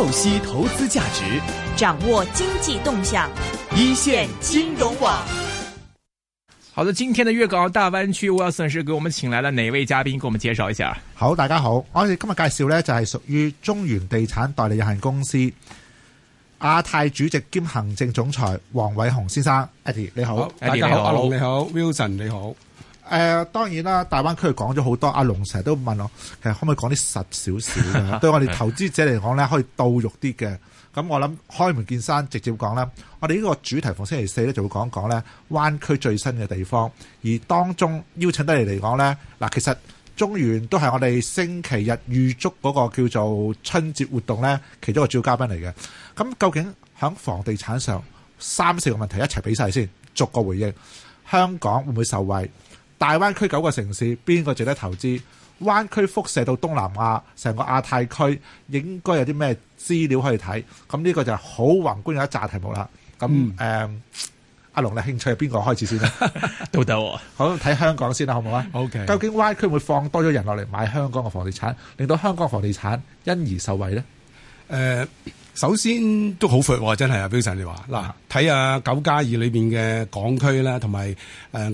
透析投資價值，掌握經濟動向，一線金融網。好的，今天的粵港澳大灣區，我要算是給我們請來了哪位嘉賓？給我們介紹一下。好，大家好，我哋今日介紹呢就係屬於中原地產代理有限公司亞太主席兼行政總裁黃偉雄先生。Eddie，你好，好，大家好，阿龍你好, on, 你好，Wilson，你好。誒、呃、當然啦，大灣區講咗好多。阿龍成日都問我，其實可唔可以講啲實少少嘅？ 對我哋投資者嚟講呢，可以到肉啲嘅。咁我諗開門見山，直接講啦。我哋呢個主題逢星期四講講呢，就會講一講呢灣區最新嘅地方，而當中邀請得嚟嚟講呢，嗱，其實中原都係我哋星期日預祝嗰個叫做春節活動呢，其中一個主要嘉賓嚟嘅。咁究竟喺房地產上三、四個問題一齊俾晒先，逐個回應。香港會唔會受惠？大灣區九個城市邊個值得投資？灣區輻射到東南亞，成個亞太區應該有啲咩資料可以睇？咁呢個就係好宏觀嘅一紮題目啦。咁誒、嗯呃，阿龍你興趣係邊個開始先咧？都得 我，好睇香港先啦，好唔好啊？OK。究竟灣區會放多咗人落嚟買香港嘅房地產，令到香港房地產因而受惠呢？誒、呃。首先都好闊喎、哦，真係啊 Buster 你話嗱，睇下九加二裏邊嘅港區啦，同埋誒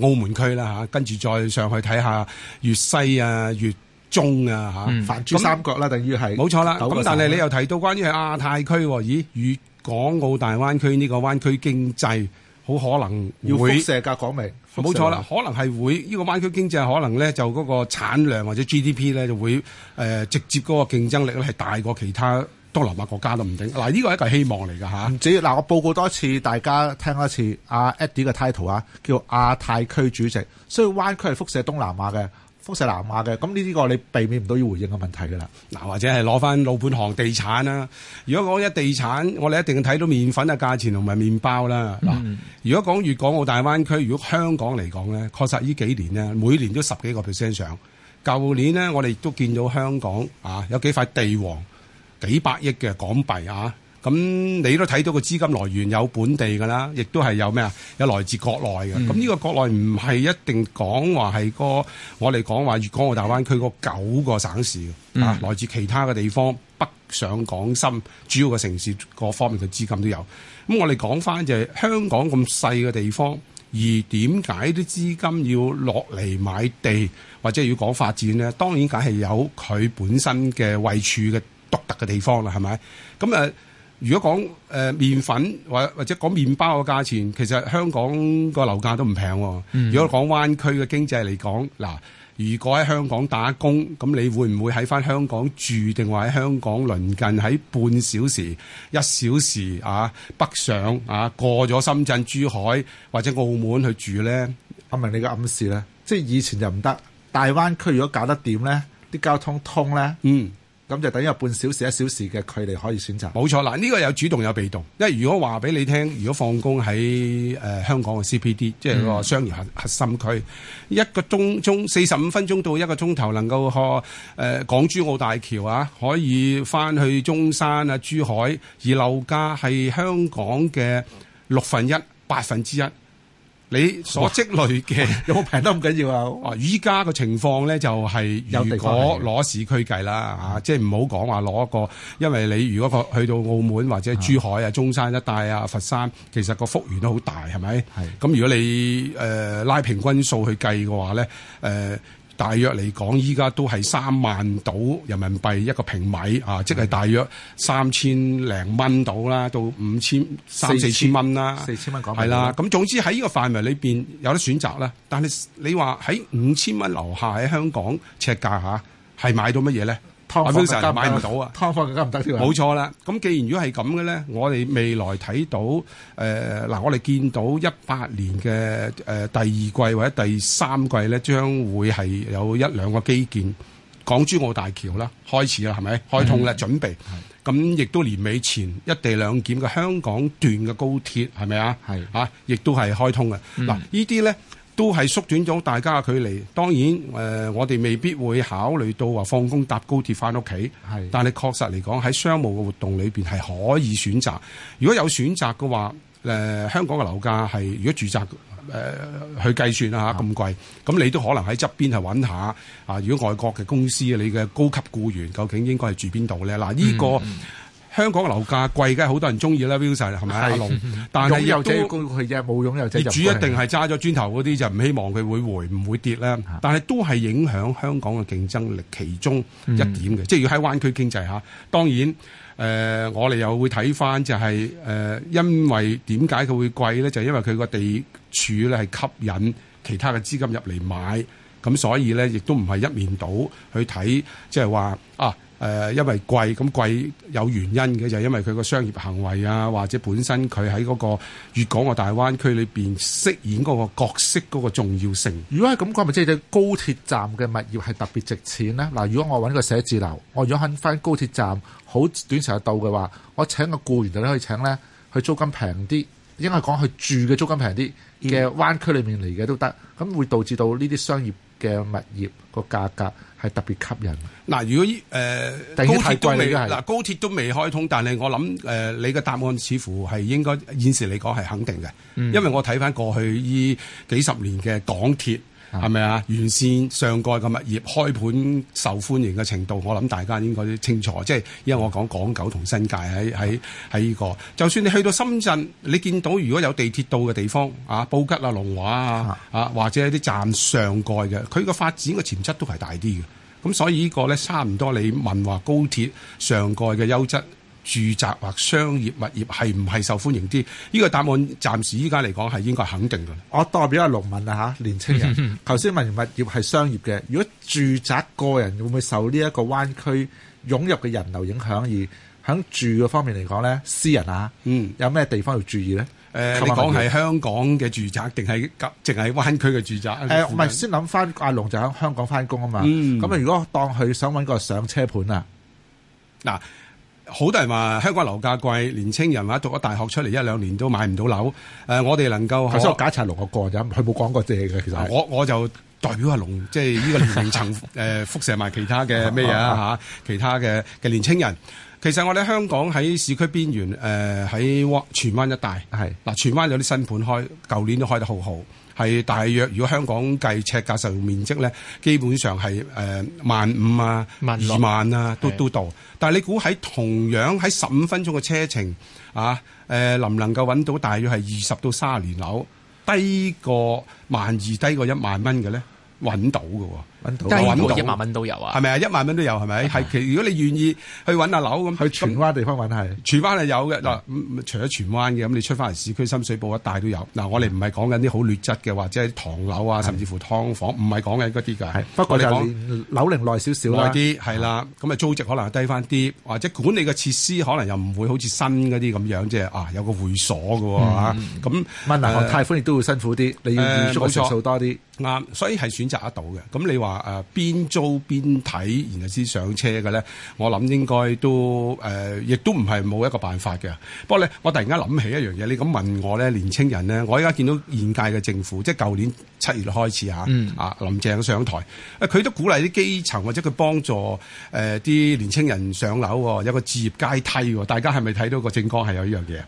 澳門區啦嚇，跟、啊、住再上去睇下粵西啊、粵中啊嚇，珠三角啦，等於係冇錯啦。咁、啊、但係你又提到關於亞太區，咦？粵港澳大灣區呢個灣區經濟，好可能會要輻射㗎講未？冇錯啦，可能係會呢、呢個灣區經濟可能咧就嗰個產量或者 GDP 咧就會誒、呃、直接嗰個競爭力咧係大過其他。東南亞國家都唔止，嗱呢個係一個希望嚟㗎嚇。唔、啊、止，嗱、啊、我報告多一次，大家聽一次阿、啊、Eddie 嘅 title 啊，叫亞太區主席。所以灣區係輻射東南亞嘅，輻射南亞嘅。咁呢啲個你避免唔到要回應嘅問題㗎啦。嗱、啊，或者係攞翻老本行、地產啦、啊。如果講一地產，我哋一定睇到麵粉嘅價錢同埋麵包啦。嗱、啊，嗯、如果講粵港澳大灣區，如果香港嚟講咧，確實呢幾年呢，每年都十幾個 percent 上。舊年呢，我哋都見到香港啊，有幾塊地王。幾百億嘅港幣啊！咁你都睇到個資金來源有本地㗎啦，亦都係有咩啊？有來自國內嘅。咁呢、嗯、個國內唔係一定講話係個我哋講話粵港澳大灣區個九個省市、嗯、啊，來自其他嘅地方，北上廣深主要嘅城市，各方面嘅資金都有。咁我哋講返就係、是、香港咁細嘅地方，而點解啲資金要落嚟買地或者要講發展呢？當然梗係有佢本身嘅位處嘅。獨特嘅地方啦，係咪？咁誒，如果講誒麵粉或或者講麵包嘅價錢，其實香港個樓價都唔平，嗯。如果講灣區嘅經濟嚟講，嗱，如果喺香港打工，咁你會唔會喺翻香港住，定話喺香港鄰近喺半小時、一小時啊北上啊過咗深圳、珠海或者澳門去住呢？係咪你嘅暗示呢？即係以前就唔得，大灣區如果搞得掂呢，啲交通通呢。嗯。咁就等於半小時、一小時嘅距離可以選擇，冇錯啦。呢、呢個有主動有被動，因為如果話俾你聽，如果放工喺誒香港嘅 CBD 即係個商業核核心區，一個鐘鐘四十五分鐘到一個鐘頭能夠可誒、呃、港珠澳大橋啊，可以翻去中山啊、珠海，而樓價係香港嘅六分一、八分之一。你所積累嘅有冇平得咁緊要啊？啊哇，依家個情況咧就係、是，有如果攞市區計啦嚇，的即係唔好講話攞一個，因為你如果個去到澳門或者珠海啊、中山一帶啊、佛山，其實個幅員都好大，係咪？係的。咁如果你誒、呃、拉平均數去計嘅話咧，誒、呃。大約嚟講，依家都係三萬到人民幣一個平米是的 啊，即係大約三千零蚊到啦，到五千、三四千蚊啦，係啦。咁總之喺呢個範圍裏邊有得選擇啦。但係你話喺五千蚊樓下喺香港尺價下，係買到乜嘢咧？劏房梗係買唔到啊！劏唔得添，冇錯啦。咁既然如果係咁嘅咧，我哋未來睇到誒嗱、呃，我哋見到一八年嘅誒、呃、第二季或者第三季咧，將會係有一兩個基建，港珠澳大橋啦開始啦，係咪開通啦？嗯、準備咁亦是都年尾前一地兩檢嘅香港段嘅高鐵係咪啊？係啊，亦都係開通嘅嗱，嗯、呢啲咧。都係縮短咗大家嘅距離。當然，誒、呃，我哋未必會考慮到話放工搭高鐵翻屋企。係是，但係確實嚟講喺商務嘅活動裏邊係可以選擇。如果有選擇嘅話，誒、呃，香港嘅樓價係如果住宅誒、呃、去計算啊嚇咁貴，咁是你都可能喺側邊去揾下啊。如果外國嘅公司你嘅高級僱員究竟應該係住邊度咧？嗱、啊，呢、這個。嗯嗯香港樓價貴，梗係好多人中意啦，view 曬係咪？但係又佢只冇用。有者入主，一定係揸咗磚頭嗰啲就唔希望佢會回唔會跌啦。但係都係影響香港嘅競爭力其中一點嘅，嗯、即係要喺灣區經濟吓。當然，誒、呃、我哋又會睇翻就係、是、誒、呃，因為點解佢會貴咧？就係、因為佢個地處咧係吸引其他嘅資金入嚟買，咁所以咧亦都唔係一面倒去睇，即係話啊。誒、呃，因為貴，咁貴有原因嘅，就係因為佢個商業行為啊，或者本身佢喺嗰個粵港澳大灣區裏邊，飾演嗰個角色嗰個重要性。如果係咁講，咪即係高鐵站嘅物業係特別值錢咧。嗱，如果我揾個寫字樓，我如果肯返高鐵站好短時間到嘅話，我請個僱員就可以請咧，佢租金平啲，應該講佢住嘅租金平啲嘅灣區裏面嚟嘅都得，咁會導致到呢啲商業。嘅物業個價格係特別吸引。嗱，如果誒高鐵都未，嗱、呃、高鐵都未開通，但係我諗誒、呃、你嘅答案似乎係應該現時嚟講係肯定嘅。嗯，因為我睇翻過去依幾十年嘅港鐵。係咪啊？完善上蓋嘅物業開盤受歡迎嘅程度，我諗大家應該都清楚。即係因為我講港九同新界喺喺喺呢個，就算你去到深圳，你見到如果有地鐵到嘅地方，啊布吉啊、龍華啊，啊或者一啲站上蓋嘅，佢個發展嘅潛質都係大啲嘅。咁所以呢個咧差唔多，你問話高鐵上蓋嘅優質住宅或商業物業係唔係受歡迎啲？呢、這個答案暫時依家嚟講係應該肯定㗎。我代表阿龍民啊嚇，年青人。頭先問物業係商業嘅，如果住宅個人會唔會受呢一個灣區湧入嘅人流影響而喺住嘅方面嚟講咧，私人啊，嗯、有咩地方要注意咧？誒、嗯，你講係香港嘅住宅定係淨係，定係灣區嘅住宅？誒，唔係、啊啊、先諗翻阿龍就喺香港翻工啊嘛。咁啊、嗯，嗯、如果當佢想搵個上車盤啊，嗱。好多人話香港樓價貴，年青人話讀咗大學出嚟一兩年都買唔到樓。誒、呃，我哋能夠，所以我假一層龍過咗，佢冇講過借嘅。其實我我就代表係龍，即係呢個年齡層誒、 呃，輻射埋其他嘅咩嘢啊嚇，其他嘅嘅年青人。其實我哋香港喺市區邊緣誒，喺灣荃灣一帶係，嗱，荃灣有啲新盤開，舊年都開得好好。係大約，如果香港計尺價實用面積咧，基本上係誒萬五啊、萬六二萬啊，都是的 都到。但係你估喺同樣喺十五分鐘嘅車程啊，誒、呃、能唔能夠揾到大約係二十到卅年樓低過萬二、低過一萬蚊嘅咧？揾到嘅喎。真係揾到一萬蚊都有啊？係咪啊？一萬蚊都有係咪？係其如果你願意去揾下樓咁，去荃灣地方揾係荃灣係有嘅嗱，除咗荃灣嘅咁，你出翻嚟市區深水埗一帶都有嗱。我哋唔係講緊啲好劣質嘅或者啲唐樓啊，甚至乎劏房，唔係講緊嗰啲㗎。不過你係樓齡耐少少，耐啲係啦。咁啊租值可能低翻啲，或者管理嘅設施可能又唔會好似新嗰啲咁樣，即係啊有個會所嘅嚇咁。銀行貸款亦都會辛苦啲，你要預出個數多啲。啱，所以係選擇得到嘅。咁你話？啊！邊租邊睇，然後先上車嘅咧，我諗應該都誒、呃，亦都唔係冇一個辦法嘅。不過咧，我突然間諗起一樣嘢，你咁問我咧，年青人咧，我而家見到現屆嘅政府，即係舊年七月開始嚇，啊林鄭上台，佢、啊、都鼓勵啲基層或者佢幫助誒啲、呃、年青人上樓，有個置業階梯，大家係咪睇到個政綱係有呢樣嘢？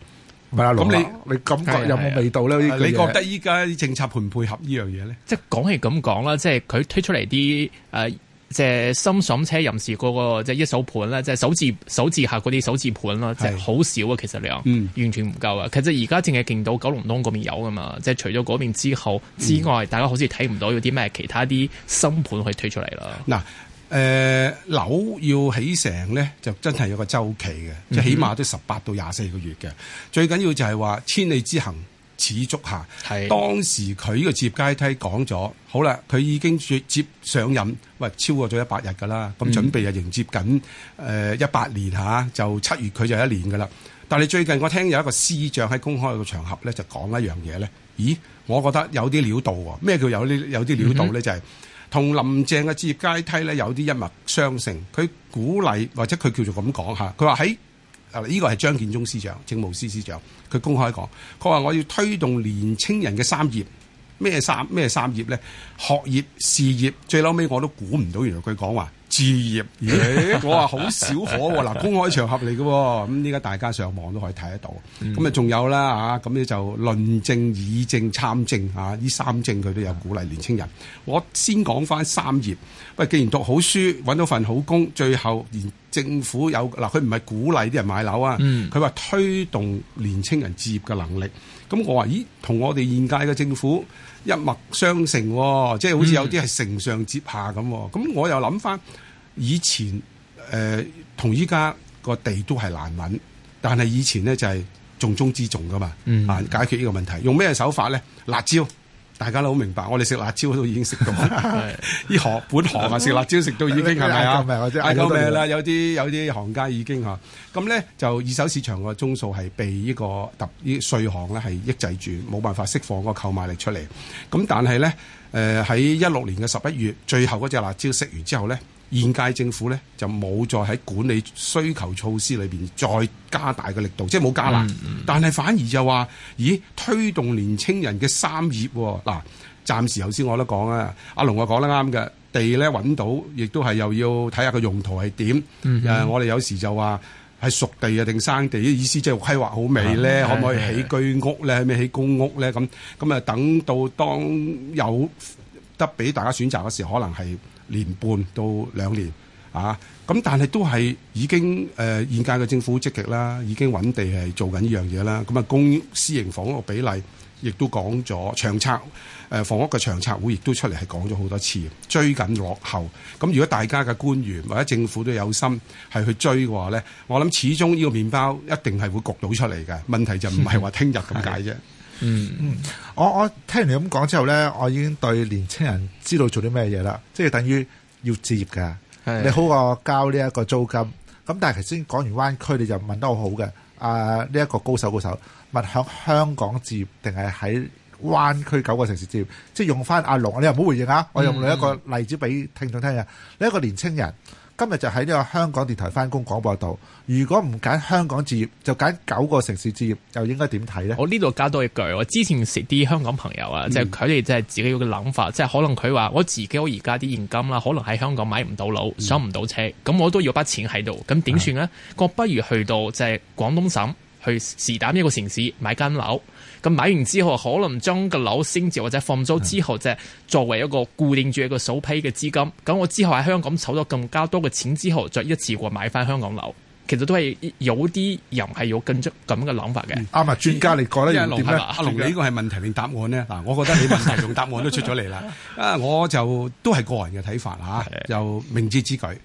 唔係咁你、嗯、你感覺有冇味道咧？呢、嗯、你覺得依家啲政策配唔配合呢樣嘢咧？即係講係咁講啦，即係佢推出嚟啲誒，即係新上車人士嗰個即係一手盤啦，即係首置首置客嗰啲首置盤啦，即係好少啊，其實量、嗯、完全唔夠啊。其實而家淨係見到九龍東嗰邊有噶嘛，即、就、係、是、除咗嗰邊之後之外，嗯、大家好似睇唔到有啲咩其他啲新盤去推出嚟啦。嗱、嗯。誒、呃、樓要起成咧，就真係有個周期嘅，即、嗯、哼起碼都十八到廿四個月嘅。最緊要就係話千里之行，始足下。是當時佢呢個接階梯講咗，好啦，佢已經接接上任，喂，超過咗一百日㗎啦。咁準備就、嗯哼呃、啊，迎接緊誒一八年嚇，就七月佢就一年㗎啦。但係最近我聽有一個司長喺公開嘅場合咧，就講一樣嘢咧。咦，我覺得有啲料到喎、哦。咩叫有啲有啲料到咧？就係、嗯。同林鄭嘅置業階梯咧有啲一脈相承，佢鼓勵或者佢叫做咁講吓，佢話喺啊呢個係張建宗司長政務司司長，佢公開講，佢話我要推動年青人嘅三業。咩三咩三業咧？學業、事業，最嬲尾我都估唔到，原來佢講話置業。咦，我話好少可嗱、啊， 公開場合嚟嘅、啊。咁依家大家上網都可以睇得到。咁、嗯、啊，仲有啦吓，咁你就論政、議政參政吓，呢、啊、三政佢都有鼓勵年青人。嗯、我先講翻三業。喂，既然讀好書，搵到份好工，最後連政府有嗱，佢唔係鼓勵啲人買樓啊，佢話、嗯、推動年青人置業嘅能力。咁我話咦，同我哋現屆嘅政府一脈相承、哦，即係好似有啲係承上接下咁、哦。咁、嗯、我又諗翻以前誒，同依家個地都係難揾，但係以前咧就係重中之重噶嘛，啊、嗯、解決呢個問題用咩手法咧？辣椒。大家都好明白，我哋食辣椒都已經食到，呢行 本行啊，食辣椒食到已經係咪啊？嗌救命啦！有啲有啲行家已經啊，咁咧就二手市場個宗數係被呢個特呢稅項咧係抑制住，冇辦法釋放個購買力出嚟。咁但係咧，誒喺一六年嘅十一月，最後嗰隻辣椒食完之後咧。現屆政府咧就冇再喺管理需求措施裏邊再加大嘅力度，即係冇加啦。嗯嗯、但係反而就話：咦，推動年青人嘅三業嗱、哦啊。暫時頭先我都講啊，阿龍我講得啱嘅地咧揾到，亦都係又要睇下個用途係點。誒、嗯，嗯、我哋有時就話係熟地啊定生地，嘅意思即係規劃好未咧？嗯、可唔可以起居屋咧？係咪起公屋咧？咁咁啊，等到當有得俾大家選擇嘅時候，可能係。年半到兩年啊，咁但係都係已經誒、呃、現屆嘅政府積極啦，已經穩地係做緊呢樣嘢啦。咁啊公私營房屋比例亦都講咗長策，誒、呃、房屋嘅長策會亦都出嚟係講咗好多次，追緊落後。咁、啊、如果大家嘅官員或者政府都有心係去追嘅話咧，我諗始終呢個麵包一定係會焗到出嚟嘅。問題就唔係話聽日咁解啫。嗯嗯，我我聽完你咁講之後咧，我已經對年青人知道做啲咩嘢啦，即係等於要置業噶。你好過交呢一個租金，咁但係頭先講完灣區，你就問得好好嘅。啊、呃、呢、這、一個高手高手，問響香港置業定係喺灣區九個城市置業，即係用翻阿龍，你又唔好回應啊！我用另一個例子俾聽眾聽啊，呢一個年青人。今日就喺呢個香港電台返工廣播度，如果唔揀香港置業，就揀九個城市置業，又應該點睇呢？我呢度加多一句，我之前識啲香港朋友啊，即、嗯、就佢哋即係自己有個諗法，即、就、係、是、可能佢話我自己我而家啲現金啦，可能喺香港買唔到樓，上唔到車，咁、嗯、我都要筆錢喺度，咁點算呢？我、嗯、不如去到即係廣東省去是但一個城市買間樓。咁買完之後，可能將個樓升值或者放租之後，即、就、係、是、作為一個固定住一個首批嘅資金。咁我之後喺香港籌咗更加多嘅錢之後，再一次過買翻香港樓。其實都係有啲人係有咁咁嘅諗法嘅。啱啊，嗯，嗯、專家、嗯、你覺得又點咧？阿龍吧，你呢個係問題定答案呢？嗱，我覺得你問題同 答案都出咗嚟啦。啊，我就都係個人嘅睇法啦吓， 啊，就明智之舉。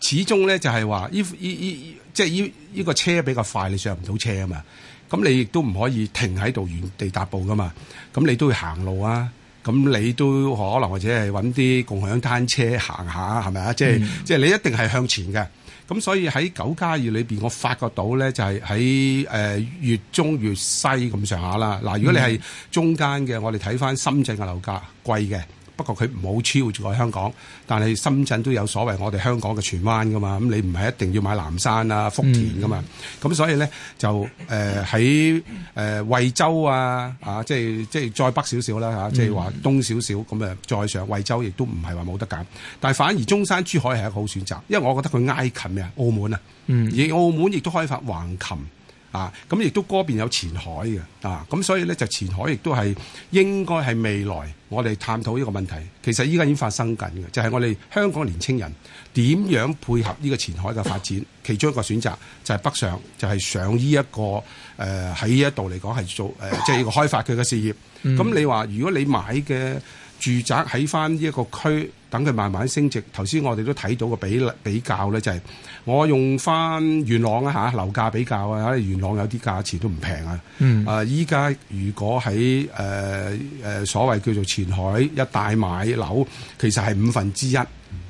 始終咧就係話，呢呢即係呢呢個車比較快，你上唔到車啊嘛。咁你亦都唔可以停喺度原地踏步㗎嘛？咁你都要行路啊！咁你都可能或者係揾啲共享單車行下，係咪啊？即係即係你一定係向前嘅。咁所以喺九加二裏邊，我發覺到咧就係喺誒越中越西咁上下啦。嗱，如果你係中間嘅，我哋睇返深圳嘅樓價，貴嘅。不過佢唔好超住喺香港，但係深圳都有所謂我哋香港嘅荃灣噶嘛，咁你唔係一定要買南山啊、福田噶嘛，咁、嗯、所以咧就誒喺誒惠州啊，啊即係即係再北少少啦嚇，即係話、啊嗯、東少少，咁誒再上惠州亦都唔係話冇得揀，但係反而中山、珠海係一個好選擇，因為我覺得佢挨近啊，澳門啊，嗯、而澳門亦都開發橫琴。啊！咁亦都嗰邊有前海嘅啊，咁所以咧就前海亦都係應該係未來我哋探討呢個問題。其實依家已經發生緊嘅，就係、係、我哋香港年青人點樣配合呢個前海嘅發展，其中一個選擇就係北上，就係、係、上呢、呢個呃呃就係、一個誒喺呢一度嚟講係做誒，即係呢個開發佢嘅事業。咁、嗯、你話如果你買嘅住宅喺翻呢一個區，等佢慢慢升值。頭先我哋都睇到個比比較咧，就係、是、我用翻元朗啊嚇樓價比較啊，元朗有啲價錢都唔平啊。啊、嗯呃，依家如果喺誒誒所謂叫做前海一帶買樓，其實係五分之一、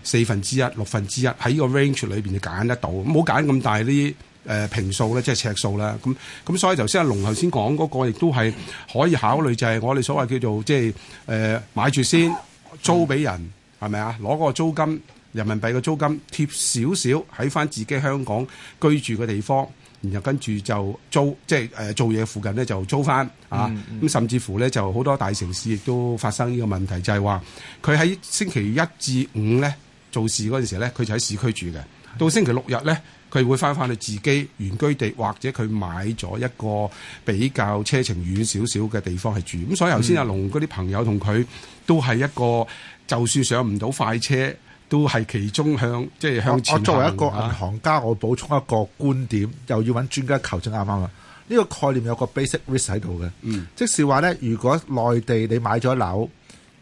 四分之一、六分之一喺呢個 range 裏邊就揀得到，冇揀咁大啲。誒坪、呃、數咧，即係尺數啦。咁、嗯、咁，所以頭先阿龍頭先講嗰個，亦都係可以考慮，就係我哋所謂叫做即係誒、呃、買住先租俾人，係咪啊？攞嗰個租金，人民幣嘅租金貼少少喺翻自己香港居住嘅地方，然後跟住就租，即係誒、呃、做嘢附近呢就租翻啊。咁、嗯嗯、甚至乎咧就好多大城市亦都發生呢個問題，就係話佢喺星期一至五咧做事嗰陣時咧，佢就喺市區住嘅，到星期六日咧。呢呢佢會翻返去自己原居地，或者佢買咗一個比較車程遠少少嘅地方去住。咁所以頭先阿龍嗰啲朋友同佢都係一個，嗯、就算上唔到快車，都係其中向即係向前。我，我作為一個銀行家，我補充一個觀點，又要揾專家求證啱啱啊？呢、呢個概念有個 basic risk 喺度嘅，嗯、即是話咧，如果內地你買咗樓，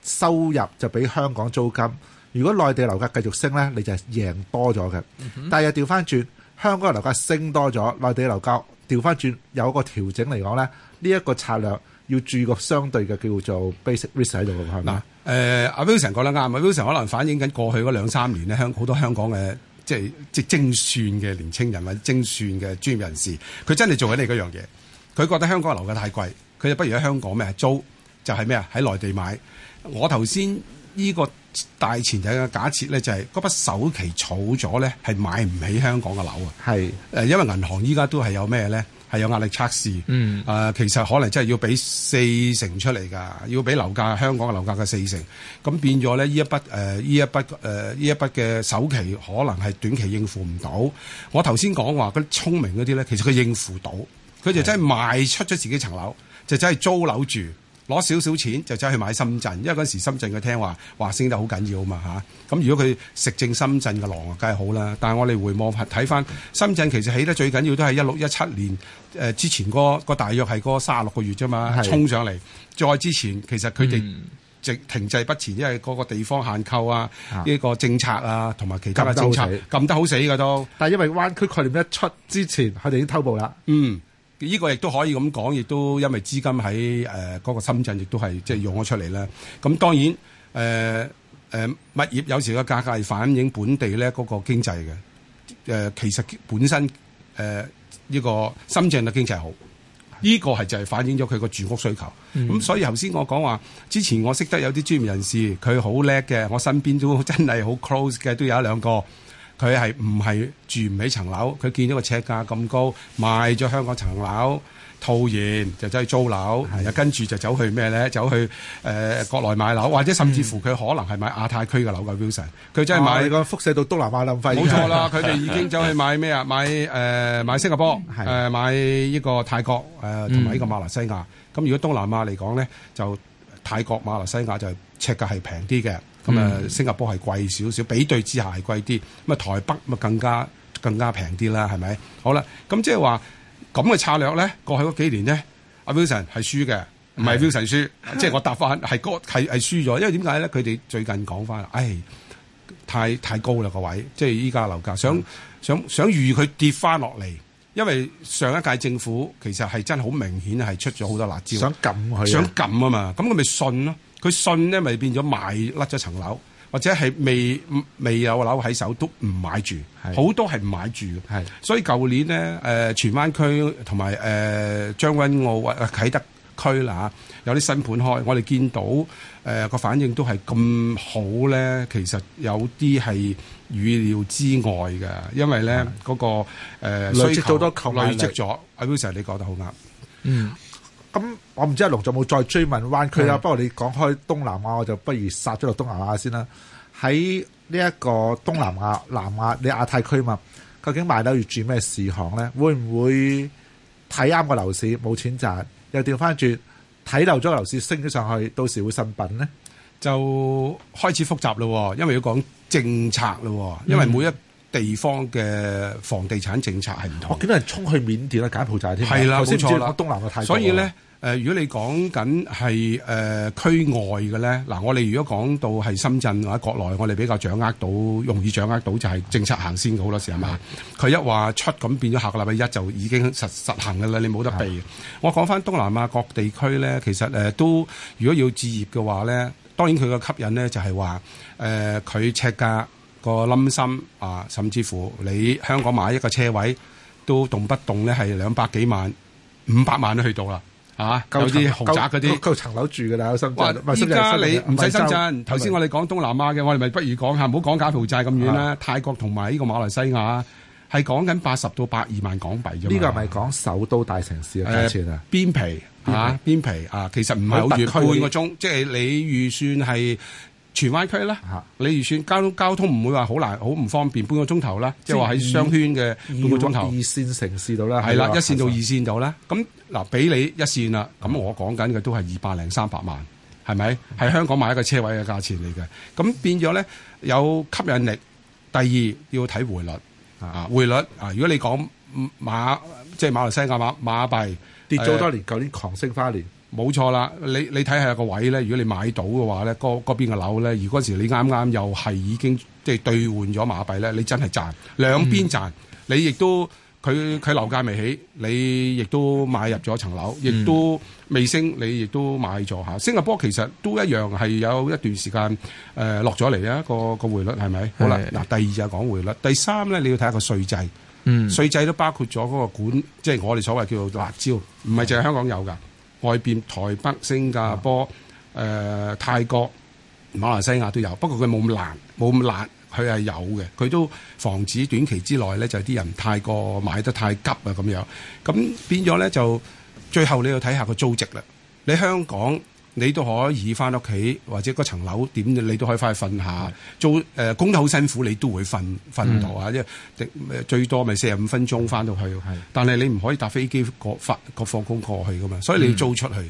收入就比香港租金，如果內地樓價繼續升咧，你就係贏多咗嘅。嗯、哼但係又調翻轉。香港嘅樓價升多咗，內地樓價調翻轉有個調整嚟講咧，呢、這、一個策略要注意個相對嘅叫做 Basic Risk 喺度嘅嘛。嗱，阿 Wilson 講得啱，阿 Wilson 可能反映緊過去嗰兩三年咧，香好多香港嘅即係即係精算嘅年青人或者精算嘅專業人士，佢真係做緊你嗰樣嘢，佢覺得香港樓價太貴，佢就不如喺香港咩租就係咩啊喺內地買。我頭先呢個。大前提嘅假設咧，就係嗰筆首期儲咗咧，係買唔起香港嘅樓啊！係誒是，因為銀行依家都係有咩咧，係有壓力測試。嗯。誒、呃，其實可能真係要俾四成出嚟㗎，要俾樓價香港嘅樓價嘅四成。咁變咗咧，呢一筆誒，呢、呃、一筆誒，呢、呃、一筆嘅、呃、首期可能係短期應付唔到。我頭先講話嗰啲聰明嗰啲咧，其實佢應付到，佢就真係賣出咗自己層樓，就真係租樓住。攞少少錢就走去買深圳，因為嗰時深圳嘅聽話話升得好緊要嘛啊嘛嚇。咁如果佢食正深圳嘅狼，梗係好啦。但係我哋回望睇翻深圳，其實起得最緊要都係一六一七年誒、呃、之前嗰個大約係嗰三十六個月啫嘛，衝上嚟。再之前其實佢哋停停滯不前，因為嗰個地方限購啊，呢、呢個政策啊，同埋其他政策撳得好死，撳得好死噶都。但係因為灣區概念一出之前，佢哋已經偷步啦。嗯。呢個亦都可以咁講，亦都因為資金喺誒嗰個深圳，亦都係即係用咗出嚟啦。咁當然誒誒、呃呃，物業有時個價格係反映本地咧嗰個經濟嘅。誒、呃、其實本身誒呢、呃這個深圳嘅經濟好，呢、這個係就係反映咗佢個住屋需求。咁、嗯嗯、所以頭先我講話，之前我識得有啲專業人士，佢好叻嘅，我身邊都真係好 close 嘅，都有一兩個。佢係唔係住唔起層樓？佢見到個尺價咁高，賣咗香港層樓，套現就走去租樓，的又跟住就走去咩咧？走去誒、呃、國內買樓，或者甚至乎佢可能係買亞太區嘅樓嘅 Wilson 佢真係買、啊這個輻射到東南亞咁快。冇錯啦，佢哋已經走去買咩啊？買誒、呃、買新加坡，誒的、呃、買呢個泰國誒同埋呢個馬來西亞。咁、嗯、如果東南亞嚟講咧，就泰國馬來西亞就係尺價係平啲嘅。咁誒，嗯、新加坡係貴少少，比對之下係貴啲。咁啊，台北咪更加更加平啲啦，係咪？好啦，咁即係話咁嘅策略咧，過去嗰幾年呢，阿、啊、Wilson 係輸嘅，唔係 Wilson 輸，是即係我答翻係個係係輸咗。因為點解咧？佢哋最近講翻啦，唉，太太高啦個位，即係依家樓價，想、嗯、想想，想預佢跌翻落嚟，因為上一屆政府其實係真係好明顯係出咗好多辣招，想撳佢、啊，想撳啊嘛，咁佢咪信咯。佢信呢咪變咗買甩咗層樓，或者係未未有樓喺手都唔買住，好是的 多係唔買住。係，是的 所以舊年呢，誒、呃，荃灣區同埋誒將軍澳或啟德區啦，有啲新盤開，我哋見到誒個、呃、反應都係咁好咧。其實有啲係預料之外嘅，因為咧嗰的、那個誒、呃、累積到多，累積咗。阿 w i s 你講得好啱。嗯力。咁我唔知阿龍仲冇再追問灣區啦，不過你講開東南亞，我就不如殺咗落東南亞先啦。喺呢一個東南亞、南亞、你亞太區嘛，究竟買樓要注咩事項呢？會唔會睇啱個樓市冇錢賺，又調翻轉睇漏咗個樓市升咗上去，到時會新品呢？就開始複雜咯，因為要講政策咯，因為每一地方嘅房地產政策係唔同，哦，我記得係衝去緬甸啊，柬埔寨添，係啦嗎，冇錯啦。所以咧，誒、呃，如果你講緊係誒區外嘅咧，嗱，我哋如果講到係深圳或者國內，我哋比較掌握到，容易掌握到就係政策行先好的多時啊嘛。佢一話出咁變咗，下個禮拜一就已經實實行㗎喇，你冇得避。的我講翻東南亞各地區咧，其實誒都、呃呃、如果要置業嘅話咧，當然佢嘅吸引咧就係話誒佢呎價。呃呃呃呃呃呃個冧心啊，甚至乎你香港買一個車位都動不動咧係兩百幾萬、五百萬都去到啦，係啲豪宅嗰啲，佢層樓住噶啦，喺深圳。依家你唔使深圳。頭先我哋講東南亞嘅，我哋咪不如講下，唔好講柬埔寨咁遠啦。泰國同埋呢個馬來西亞係講緊八十到百二萬港幣啫。呢個係咪講首都大城市嘅價錢啊？邊皮啊？邊皮啊？其實唔係好遠，半個鐘，即係你預算係。荃灣區啦，你預算交交通唔會話好難好唔方便，半個鐘頭啦，即係話喺商圈嘅半個鐘頭。二線城市度啦，係啦的，的一線到二線度啦。咁嗱的，俾你一線啦，咁、嗯、我講緊嘅都係二百零三百萬，係咪？喺香港買一個車位嘅價錢嚟嘅。咁變咗咧有吸引力。第二要睇匯率啊，匯率啊，如果你講馬即係、就是、馬來西亞馬馬幣、嗯、跌咗多年，舊年狂升花年。冇錯啦，你你睇下個位咧。如果你買到嘅話咧，嗰邊嘅樓咧，如果嗰時你啱啱又係已經即係兌換咗馬幣咧，你真係賺兩邊賺。嗯、你亦都佢佢樓價未起，你亦都買入咗層樓，亦都未升，你亦都買咗嚇。新加坡其實都一樣係有一段時間誒落咗嚟啊，個個匯率係咪？好啦，嗱，是的 第二就係講匯率，第三咧你要睇下個稅制，稅制、嗯、稅制都包括咗嗰個管，即係我哋所謂叫做辣椒，唔係淨係香港有㗎。外邊台北、新加坡、誒、呃、泰國、馬來西亞都有，不過佢冇咁難，冇咁難，佢係有嘅，佢都防止短期之內咧就啲、是、人太過買得太急啊咁樣，咁變咗咧就最後你要睇下個租值啦，你香港。你都可以翻屋企，或者嗰層樓點你都可以翻去瞓下。做誒、嗯呃、工得好辛苦，你都會瞓瞓到啊！即係、嗯、最多咪四十五分鐘翻到去。嗯、但係你唔可以搭飛機過發個放工過去噶嘛？所以你要租出去誒、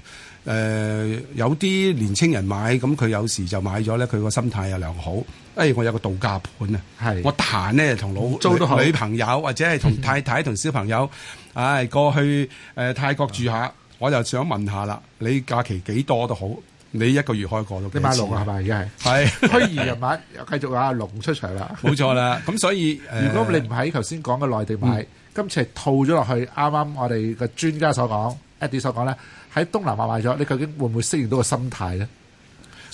嗯呃，有啲年青人買，咁佢有時就買咗咧，佢個心態又良好。誒、哎，我有個度假盤啊，嗯、我得閒咧同老租女朋友或者係同太太同小朋友，唉、哎，過去誒、呃、泰國住下。嗯我就想問下啦，你假期幾多都好，你一個月開過都幾多？你買龍係咪？是 而家係係虛擬人物，繼續阿龍出場啦，冇錯啦。咁所以，如果你唔喺頭先講嘅內地買，嗯、今次係套咗落去，啱啱我哋嘅專家所講，Eddie、嗯、所講咧，喺東南亞買咗，你究竟會唔會適應到個心態咧？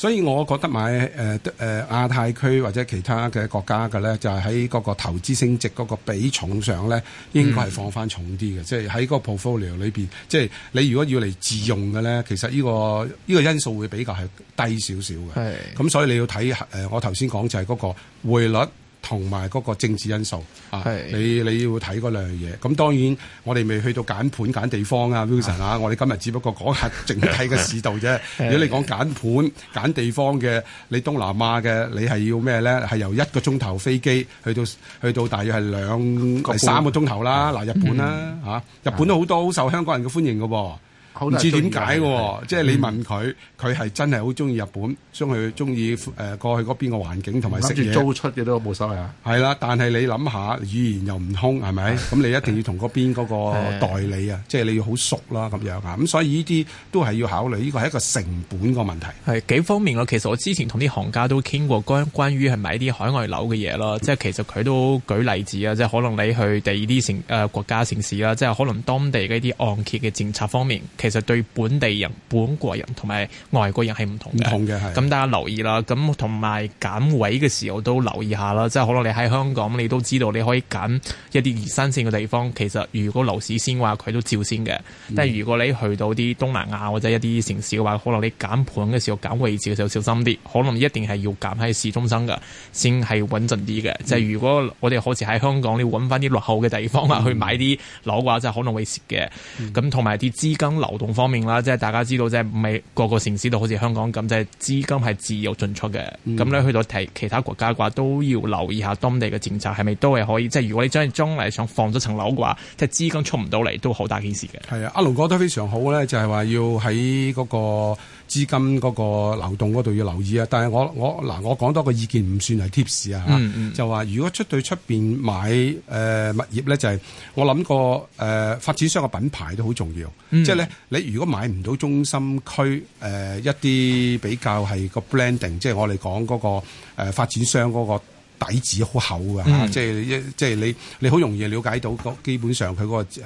所以我覺得買誒誒亞太區或者其他嘅國家嘅咧，就係喺嗰個投資升值嗰個比重上咧，應該係放翻重啲嘅、嗯。即係喺嗰個 portfolio 裏邊，即係你如果要嚟自用嘅咧，其實呢個呢個因素會比較係低少少嘅。係咁是，所以你要睇誒、呃，我頭先講就係嗰個匯率。同埋嗰個政治因素，是啊、你你要睇嗰兩樣嘢。咁當然我哋未去到揀盤揀地方啊，Wilson 啊，我哋今日只不過講下整體嘅市道啫。啊、如果你講揀盤揀地方嘅，你東南亞嘅，你係要咩咧？係由一個鐘頭飛機去到去到大約係兩、係、那個、三個鐘頭啦。嗱、那個啊，日本啦嚇，日本都好多好受香港人嘅歡迎嘅喎、啊。唔知點解喎，嗯、即係你問佢，佢係真係好中意日本，將佢中意誒過去嗰邊個環境同埋食嘢。諗住租出嘅都冇所謂啊！係啦，但係你諗下，語言又唔通係咪？咁 你一定要同嗰邊嗰個代理啊，即係 的你要好熟啦咁樣啊。咁所以呢啲都係要考慮，呢個係一個成本個問題。係幾方面咯？其實我之前同啲行家都傾過關關於係咪啲海外樓嘅嘢咯。即係其實佢都舉例子啊，即係可能你去第二啲城誒國家城市啦，即係可能當地嘅一啲按揭嘅政策方面。其實對本地人、本國人同埋外國人係唔同嘅，咁大家留意啦。咁同埋揀位嘅時候都留意下啦。即、就、係、是、可能你喺香港，你都知道你可以揀一啲二三線嘅地方。其實如果樓市先話，佢都照先嘅。嗯、但係如果你去到啲東南亞或者一啲城市嘅話，可能你揀盤嘅時候揀位置嘅時候小心啲。可能一定係要揀喺市中心嘅先係穩陣啲嘅。即係、嗯、如果我哋好似喺香港，你揾翻啲落後嘅地方啊，嗯、去買啲樓嘅話，即、就、係、是、可能會蝕嘅。咁同埋啲資金流流動方面啦，即係大家知道，即係唔個個城市都好似香港咁，即係資金係自由進出嘅。咁咧、嗯、去到提其他國家嘅話，都要留意下當地嘅政策係咪都係可以。即係如果你將嚟想放咗層樓嘅話，即係資金出唔到嚟，都好大件事嘅。係啊，阿龍哥得非常好咧，就係、是、話要喺嗰、那個。資金嗰個流動嗰度要留意啊！但係我我嗱，我講多個意見唔算係 tips 啊嚇，嗯嗯、就話如果出對出邊買誒、呃、物業咧，就係、是、我諗過誒、呃、發展商嘅品牌都好重要，即係咧你如果買唔到中心區誒、呃、一啲比較係個 branding，即係我哋講嗰個誒、呃、發展商嗰、那個。底子好厚㗎吓，嗯、即係一即係你你好容易了解到，基本上佢嗰、嗰個誒、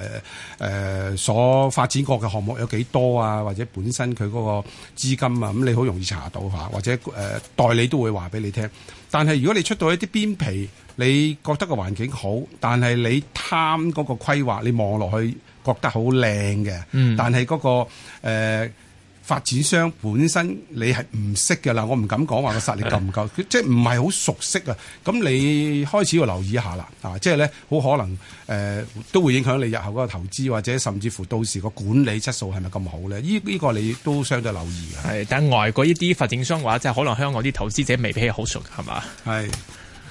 呃、所發展過嘅項目有幾多啊，或者本身佢嗰個資金啊，咁、嗯、你好容易查到吓，或者誒、呃、代理都會話俾你聽。但係如果你出到一啲邊皮，你覺得個環境好，但係你貪嗰個規劃，你望落去覺得好靚嘅，嗯、但係嗰、嗰個、呃發展商本身你係唔識嘅啦，我唔敢講話個實力夠唔夠，的即係唔係好熟悉啊？咁你開始要留意一下啦，啊，即係咧好可能誒、呃、都會影響你日後嗰個投資，或者甚至乎到時個管理質素係咪咁好咧？呢呢個你都相對留意嘅。係，但外國呢啲發展商話，即係可能香港啲投資者未必係好熟，係嘛？係，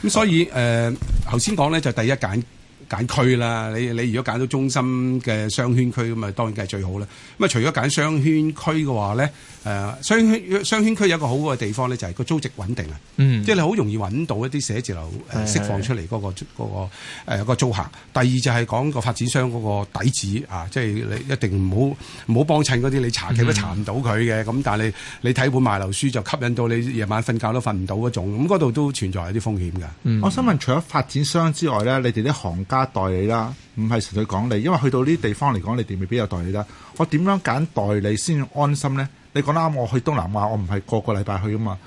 咁所以誒，頭先講咧就第一揀。揀區啦，你你如果揀到中心嘅商圈區咁啊，當然梗係最好啦。咁啊，除咗揀商圈區嘅話咧，誒，商圈商圈區有一個好嘅地方咧，就係、是、個租值穩定啊，嗯、即係你好容易揾到一啲寫字樓誒釋放出嚟嗰、嗰個嗰的個,個租客。第二就係講個發展商嗰個底子啊，即係你一定唔好唔好幫襯嗰啲，你查極都查唔到佢嘅。咁、嗯、但係你你睇本賣樓書就吸引到你夜晚瞓覺都瞓唔到嗰種，咁嗰度都存在一啲風險㗎。嗯、我想問，除咗發展商之外咧，你哋啲行家？家代理啦，唔係純粹講你，因為去到呢啲地方嚟講，你哋未必有代理啦。我點樣揀代理先安心咧？你講得啱，我去東南亞，我唔係個個禮拜去噶嘛，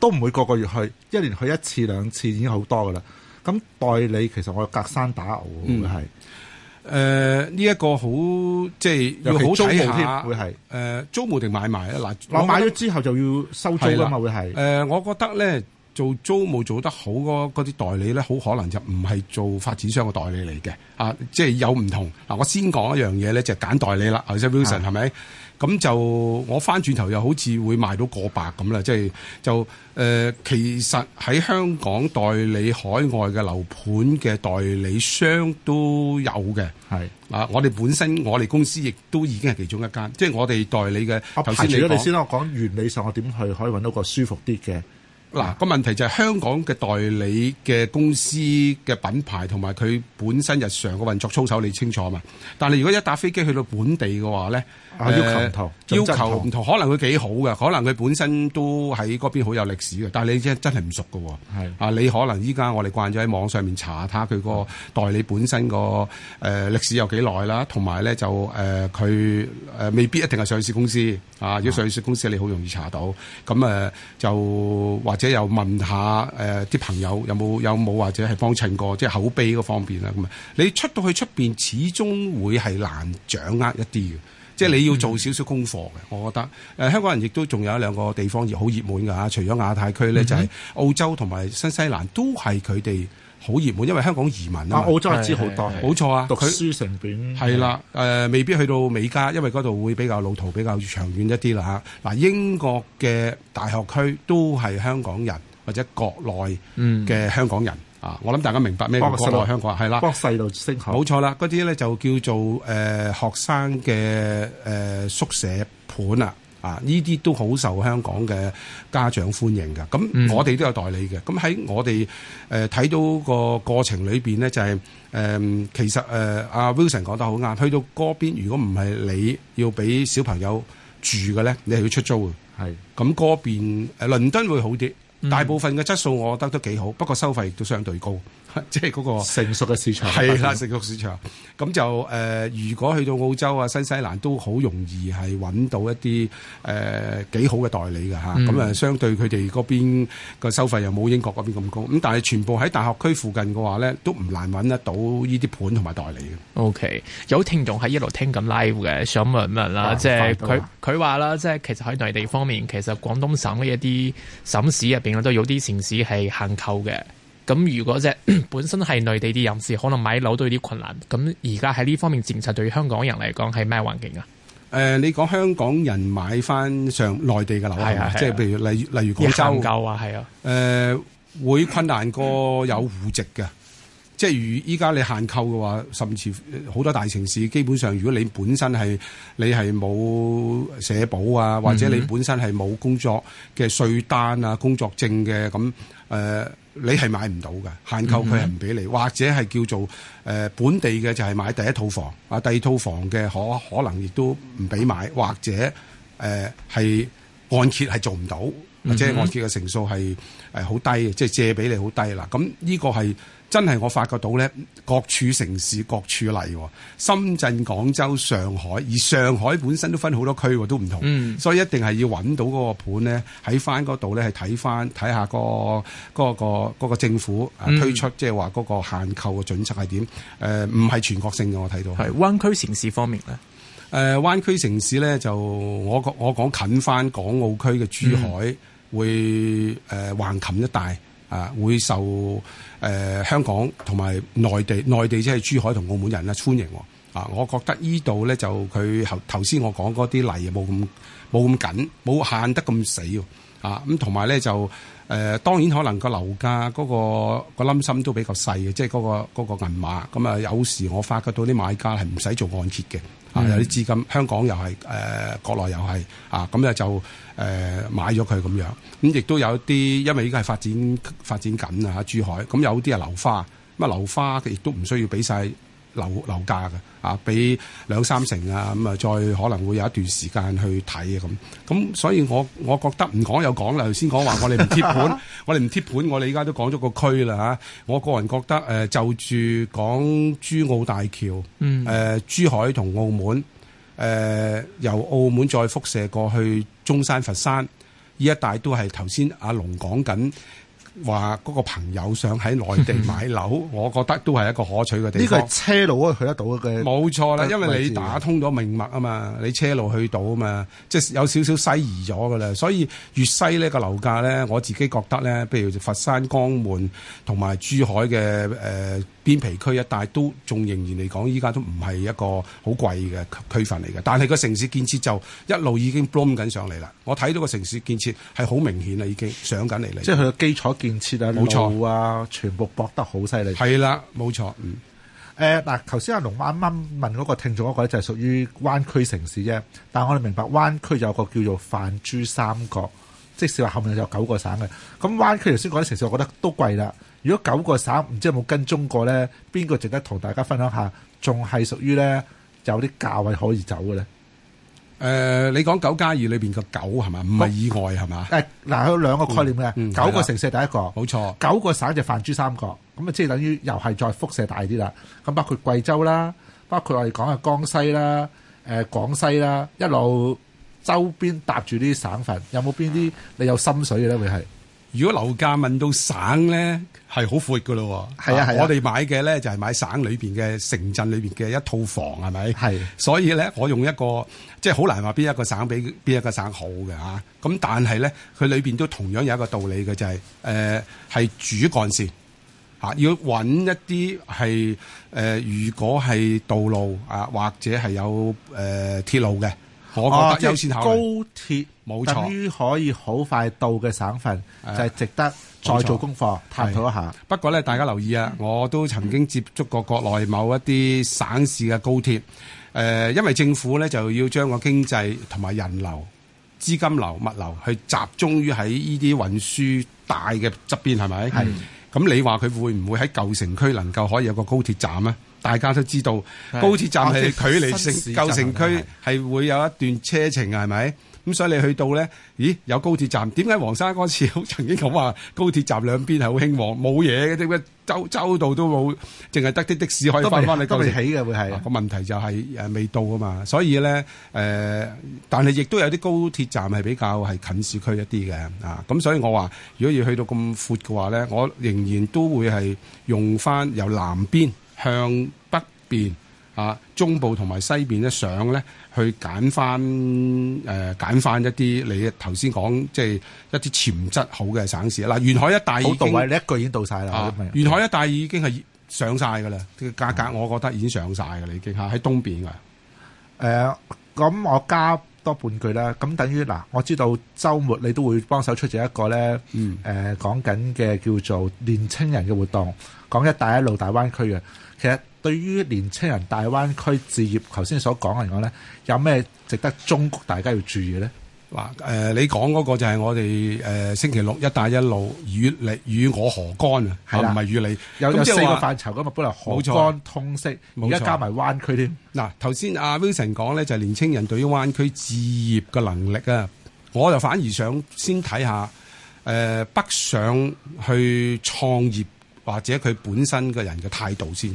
都唔會個個月去，一年去一次兩次已經好多噶啦。咁代理其實我隔山打牛會係，誒呢一個好即係有好租戶添會係，誒租戶定買賣咧嗱，我買咗之後就要收租噶嘛會係，誒、呃、我覺得咧。做租務做得好嗰啲代理咧，好可能就唔係做發展商嘅代理嚟嘅，啊，即係有唔同。嗱，我先講一樣嘢咧，就係、是、揀代理啦，阿 Wilson 係咪？咁就我翻轉頭又好似會賣到過百咁啦，即係就誒、呃，其實喺香港代理海外嘅樓盤嘅代理商都有嘅，係是的 啊，我哋本身我哋公司亦都已經係其中一間，即係我哋代理嘅。頭先、啊、你，你先我講原理上我，我點去可以揾到個舒服啲嘅？嗱個、啊、問題就係香港嘅代理嘅公司嘅品牌同埋佢本身日常嘅運作操守，你清楚嘛？但係如果一搭飛機去到本地嘅話咧？啊、要求要求唔同，可能佢幾好嘅，可能佢本身都喺嗰邊好有歷史嘅。但係你即係真係唔熟嘅喎，係啊，你可能依家我哋慣咗喺網上面查下佢個代理本身個誒、呃、歷史有幾耐啦，同埋咧就誒佢誒未必一定係上市公司啊。如果上市公司你好容易查到咁誒、啊，就或者又問下誒啲、呃、朋友有冇有冇或者係幫襯過，即係口碑嗰方面啦。咁啊，你出到去出邊，始終會係難掌握一啲嘅。即係你要做少少功課嘅，我覺得誒、呃、香港人亦都仲有一兩個地方亦好熱門㗎嚇，除咗亞太區咧，嗯、哼就係澳洲同埋新西蘭都係佢哋好熱門，因為香港移民啊，澳洲我知好多，冇錯啊，讀書成本係啦誒，未必去到美加，因為嗰度會比較路途比較長遠一啲啦嚇嗱。英國嘅大學區都係香港人或者國內嘅香港人。嗯啊、我諗大家明白咩？國內香港係啦，細路了升冇錯啦，嗰啲咧就叫做誒、呃、學生嘅誒、呃、宿舍盤啦，啊呢啲都好受香港嘅家長歡迎噶。咁我哋都有代理嘅。咁喺我哋誒睇到個過程裏邊呢，就係誒其實誒阿、呃啊、Wilson 講得好啱。去到嗰邊，如果唔係你要俾小朋友住嘅咧，你係要出租嘅。係咁嗰邊誒倫敦會好啲。大部分嘅質素我覺得都幾好，不過收費亦都相對高。即係嗰個成熟嘅市場，係啦，成熟市場。咁就誒，如果去到澳洲啊、新西蘭都好容易係揾到一啲誒幾好嘅代理嘅嚇。咁啊，相對佢哋嗰邊個收費又冇英國嗰邊咁高。咁但係全部喺大學區附近嘅話咧，都唔難揾得到呢啲盤同埋代理嘅。O K，有聽眾喺一路聽緊 live 嘅，想問一問啦，即係佢佢話啦，即係其實喺內地方面，其實廣東省呢一啲省市入邊都有啲城市係限購嘅。咁如果即本身係內地啲人士，可能買樓都有啲困難。咁而家喺呢方面政策對香港人嚟講係咩環境啊？誒、呃，你講香港人買翻上內地嘅樓啊？係啊係啊即係譬如，例如，係啊係啊例如廣州唔夠啊，係啊。誒、呃，會困難過有戶籍嘅，係啊即係如依家你限購嘅話，甚至好多大城市基本上，如果你本身係你係冇社保啊，或者你本身係冇工作嘅稅單啊、工作證嘅咁誒。呃呃你係買唔到㗎，限購，佢係唔俾你，嗯、哼或者係叫做誒、呃、本地嘅就係買第一套房，啊第二套房嘅可可能亦都唔俾買，或者誒係、呃、按揭係做唔到，或者按揭嘅成數係誒好低嘅，嗯、哼即係借俾你好低啦。咁呢個係。真係我發覺到咧，各處城市各處例，深圳、廣州、上海，而上海本身都分好多區，都唔同。嗯、所以一定係要揾到嗰個盤咧，喺翻嗰度咧，係睇翻睇下個嗰、嗰個嗰個政府推出，嗯、即係話嗰個限購嘅準則係點。誒、呃，唔係全國性嘅，我睇到。係灣區城市方面咧，誒、呃，灣區城市咧就我我講近翻港澳區嘅珠海，嗯、會誒、呃、橫琴一帶。啊！會受誒、呃、香港同埋內地內地即係珠海同澳門人咧，歡迎啊，我覺得依度咧就，佢頭頭先我講嗰啲例冇咁冇咁緊，冇限得咁死喎。啊，咁同埋咧就誒、呃，當然可能個樓價嗰、嗰個冧心都比較細嘅，即係嗰個嗰、嗰個嗰個銀碼。咁、嗯、啊，有時我發覺到啲買家係唔使做按揭嘅。啊、有啲資金，香港又係誒，國內又係啊，咁咧就誒、呃、買咗佢咁樣。咁亦都有一啲，因為依家係發展發展緊啊，珠海，咁有啲係樓花，咁啊樓花亦都唔需要俾晒。樓樓價嘅啊，畀兩三成啊，咁啊，再可能會有一段時間去睇啊，咁咁，所以我我覺得唔講又講啦，頭先講話我哋唔貼, 貼盤，我哋唔貼盤，我哋而家都講咗個區啦嚇、啊。我個人覺得誒、呃，就住講珠澳大橋，誒、呃、珠海同澳門，誒、呃、由澳門再輻射過去中山、佛山呢一帶，都係頭先阿龍講緊。話嗰個朋友想喺內地買樓， 我覺得都係一個可取嘅地方。呢個係車路都去得到嘅。冇錯啦，啊、因為你打通咗命脈啊嘛，你車路去到啊嘛，即係有少少西移咗嘅啦。所以粵西呢個樓價咧，我自己覺得咧，譬如佛山、江門同埋珠海嘅誒、呃、邊皮區一帶都仲仍然嚟講，依家都唔係一個好貴嘅區份嚟嘅。但係個城市建設就一路已經 boom、um、緊上嚟啦。我睇到個城市建設係好明顯啦，已經上緊嚟嚟。即係佢嘅基礎建設啊，冇錯啊，路啊，全部搏得好犀利。係啦，冇錯。嗯，誒嗱、呃，頭先阿龍啱啱問嗰、那個聽眾嗰個咧，就係屬於灣區城市啫。但係我哋明白灣區有個叫做泛珠三角，即使話後面有九個省嘅。咁灣區頭先講啲城市，我覺得都貴啦。如果九個省唔知有冇跟蹤過咧，邊個值得同大家分享下？仲係屬於咧有啲價位可以走嘅咧？誒、呃，你講九加二裏邊個九係嘛？唔係意外係嘛？誒、嗱，嗯嗯啊，有兩個概念嘅，九、嗯嗯、個城市第一個，冇錯錯，九個省就泛珠三角，咁啊，即係等於又係再輻射大啲啦。咁包括貴州啦，包括我哋講嘅江西啦，誒、呃，廣西啦，一路周邊搭住啲省份，有冇邊啲你有心水嘅咧？會係？如果樓價問到省咧，係好闊噶咯。係啊，啊啊我哋買嘅咧就係買省裏邊嘅城鎮裏邊嘅一套房，係咪？係、啊。所以咧，我用一個即係好難話邊一個省比邊一個省好嘅嚇。咁但係咧，佢裏邊都同樣有一個道理嘅就係誒係主幹線嚇、啊，要揾一啲係誒如果係道路啊或者係有誒、呃、鐵路嘅，我覺得優先考慮。啊、高鐵。冇錯，等於可以好快到嘅省份、啊、就係值得再做功課探討錯一下。不過咧，大家留意啊，嗯、我都曾經接觸過國內某一啲省市嘅高鐵。誒、呃，因為政府咧就要將個經濟同埋人流、資金流、物流去集中於喺呢啲運輸大嘅側邊，係咪？係是。咁你話佢會唔會喺舊城區能夠可以有個高鐵站咧？大家都知道，是高鐵站係距離城舊城區係會有一段車程，係咪？咁所以你去到咧，咦有高鐵站？點解黃沙嗰次曾經咁話 高鐵站兩邊係好興旺，冇嘢嘅，點解周周道都冇，淨係得啲的士可以翻翻嚟？都未起嘅會係個、啊、問題就係、是、誒、啊、未到啊嘛，所以咧誒、呃，但係亦都有啲高鐵站係比較係近市區一啲嘅啊。咁所以我話如果要去到咁闊嘅話咧，我仍然都會係用翻由南邊向北邊。啊，中部同埋西邊、呃、一上咧去揀翻誒揀翻一啲你頭先講，即係一啲潛質好嘅省市嗱、啊，沿海一帶已經到位，你一句已經到晒啦。啊、沿海一帶已經係上曬㗎喇，價格我覺得已經上晒㗎喇，已經喺東邊㗎。誒、呃，咁我加多半句啦。咁等於嗱、呃，我知道週末你都會幫手出席一個咧，誒、嗯呃、講緊嘅叫做年青人嘅活動，講一帶一路大灣區嘅，其實。對於年青人，大灣區置業，頭先所講嚟講咧，有咩值得中谷大家要注意咧？嗱，誒，你講嗰個就係我哋誒、呃、星期六一帶一路與，與，的與你與我何干啊？係唔係與你有有四個範疇咁啊，本來何干、啊、通識，而家加埋灣區添嗱。頭先阿 Wilson 講咧，就係、是、年青人對於灣區置業嘅能力啊。我就反而想先睇下誒、呃、北上去創業或者佢本身嘅人嘅態度先。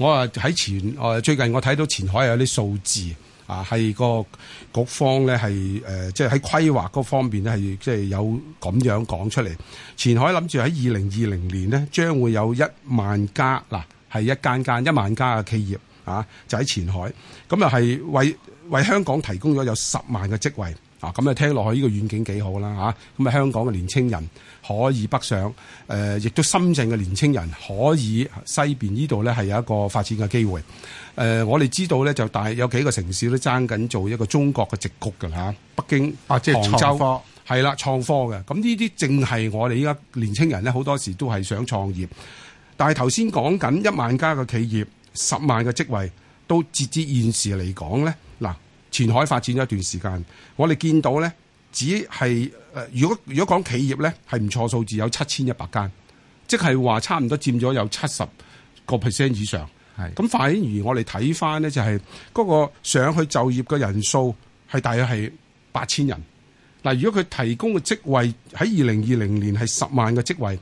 我啊喺前，我最近我睇到前海有啲數字啊，係個局方咧係誒，即係喺規劃嗰方面咧係即係有咁樣講出嚟。前海諗住喺二零二零年呢，將會有一萬家嗱，係一間間一萬家嘅企業啊，就喺前海。咁又係為為香港提供咗有十萬嘅職位啊！咁啊聽落去呢個遠景幾好啦嚇，咁啊香港嘅年輕人，可以北上，誒、呃，亦都深圳嘅年青人可以西邊呢度咧，係有一個發展嘅機會。誒、呃，我哋知道呢就大有幾個城市都爭緊做一個中國嘅矽谷嘅啦。北京啊，杭州，即係創科，係啦，創科嘅。咁呢啲正係我哋依家年青人咧，好多時都係想創業。但係頭先講緊一萬家嘅企業，十萬嘅職位，都截至現時嚟講呢嗱，前海發展咗一段時間，我哋見到呢。只係誒、呃，如果如果講企業咧，係唔錯數字，有七千一百間，即係話差唔多佔咗有七十個 percent 以上。係咁是，反而我哋睇翻咧，就係、是、嗰個上去就業嘅人數係大約係八千人。嗱，如果佢提供嘅職位喺二零二零年係十萬嘅職位，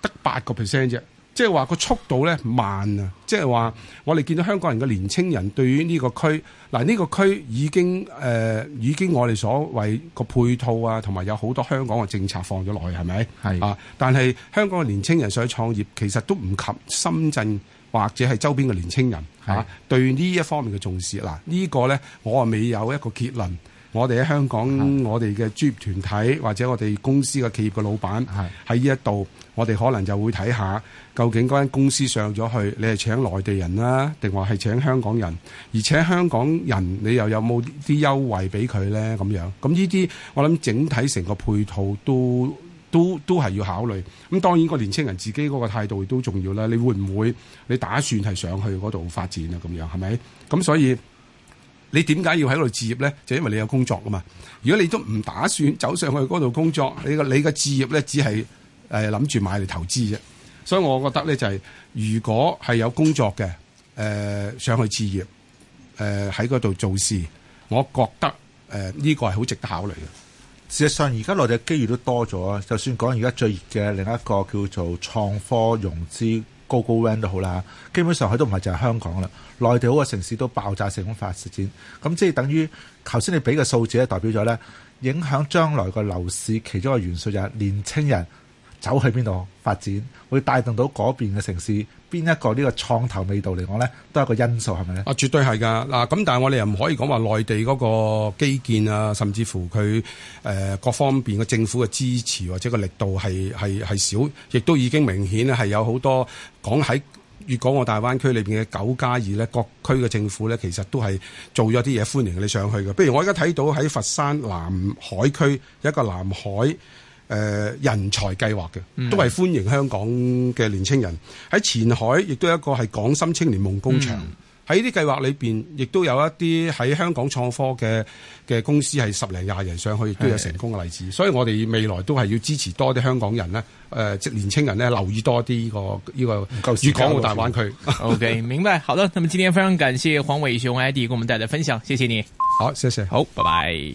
得八個 percent 啫。即係話個速度咧慢啊！即係話我哋見到香港人嘅年青人對於呢個區嗱呢、呢個區已經誒、呃、已經我哋所謂個配套啊，同埋有好多香港嘅政策放咗落去係咪？係啊！是但係香港嘅年青人想去創業，其實都唔及深圳或者係周邊嘅年青人嚇是、啊、對呢一方面嘅重視。嗱、呢個、呢個咧我啊未有一個結論。我哋喺香港，是的 我哋嘅專業團體或者我哋公司嘅企業嘅老闆，喺呢一度，我哋可能就會睇下究竟嗰間公司上咗去，你係請內地人啦，啊，定話係請香港人？而且香港人你又有冇啲優惠俾佢咧？咁樣，咁呢啲，我諗整體成個配套都都都係要考慮，咁當然個年青人自己嗰個態度亦都重要啦。你會唔會你打算係上去嗰度發展啊？咁樣，係咪？咁所以。你點解要喺度置業咧？就因為你有工作啊嘛！如果你都唔打算走上去嗰度工作，你個你嘅置業咧只係誒諗住買嚟投資啫。所以，我覺得咧就係、係、如果係有工作嘅誒、呃、上去置業誒喺嗰度做事，我覺得誒呢、呃呢個係好值得考慮嘅。事實上，而家內地嘅機遇都多咗。就算講而家最熱嘅另一個叫做創科融資。高高 v a 都好啦，基本上佢都唔係就係香港啦，內地好多城市都爆炸性咁發展，咁、嗯、即係等於頭先你俾嘅數字咧，代表咗咧影響將來個樓市其中嘅元素就係年青人。走去邊度發展，會帶動到嗰邊嘅城市邊一個呢個創投味道嚟講呢，都係一個因素，係咪咧？啊，絕對係㗎！嗱、啊，咁但係我哋又唔可以講話內地嗰個基建啊，甚至乎佢誒、呃、各方邊嘅政府各方面嘅政府嘅支持或者個力度係係係少，亦都已經明顯咧係有好多講喺粵港澳大灣區裏邊嘅九加二呢，各區嘅政府呢，其實都係做咗啲嘢歡迎你上去嘅。比如我而家睇到喺佛山南海區有一個南海。誒、呃，人才計劃嘅，都係歡迎香港嘅年青人喺、嗯、前海，亦都有一個係港深青年夢工場。喺呢啲計劃裏邊，亦都有一啲喺香港創科嘅嘅公司係十零廿人上去，亦都有成功嘅例子。嗯、所以我哋未來都係要支持多啲香港人咧，誒、呃，即年青人咧，留意多啲呢、這個呢、這個粵港澳大灣區。 OK，明白，好啦。咁啊，今天非常感謝黃偉雄 Andy 給我們帶來分享，謝謝你。好，謝謝，好，拜拜。